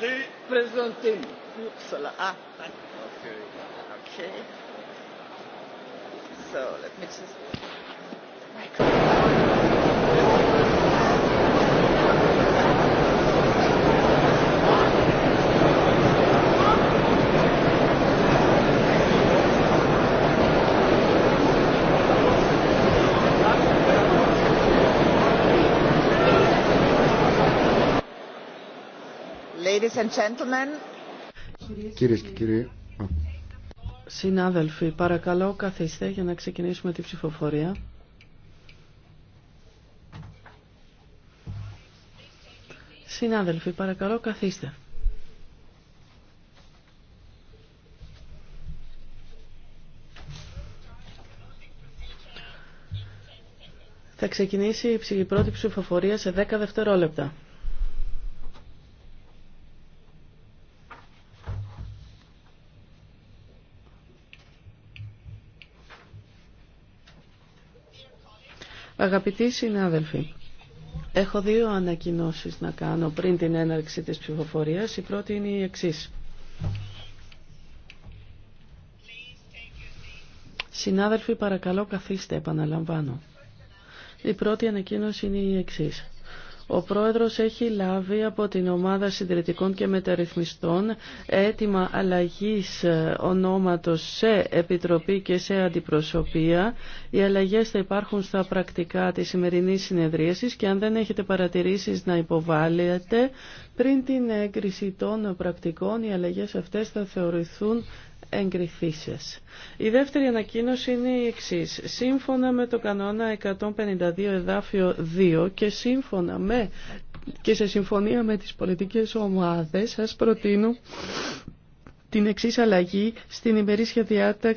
die Präsidentin. Upsala. Ah, danke. Okay. So, let me just. Microphone. Ladies Κυρίες και κύριοι. Συνάδελφοι, παρακαλώ καθίστε για να ξεκινήσουμε τη ψηφοφορία. Συνάδελφοι, παρακαλώ καθίστε. Θα ξεκινήσει η πρώτη ψηφοφορία σε 10 δευτερόλεπτα. Αγαπητοί συνάδελφοι, έχω δύο ανακοινώσεις να κάνω πριν την έναρξη της ψηφοφορίας. Η πρώτη είναι η εξής. Συνάδελφοι, παρακαλώ καθίστε, επαναλαμβάνω. Η πρώτη ανακοίνωση είναι η εξής. Ο πρόεδρος έχει λάβει από την ομάδα συντηρητικών και μεταρρυθμιστών αίτημα αλλαγής ε, ονόματος σε επιτροπή και σε αντιπροσωπεία. Οι αλλαγές θα υπάρχουν στα πρακτικά της σημερινής συνεδρίασης και αν δεν έχετε παρατηρήσεις να υποβάλλετε πριν την έγκριση των πρακτικών οι αλλαγές αυτές θα θεωρηθούν εγκριθήσεις. Η δεύτερη ανακοίνωση είναι η εξής. Σύμφωνα με το κανόνα 152 εδάφιο 2 και σύμφωνα με ναι. και σε συμφωνία με τις πολιτικές ομάδες σας προτείνω την εξής αλλαγή στην ημερήσια διάταξη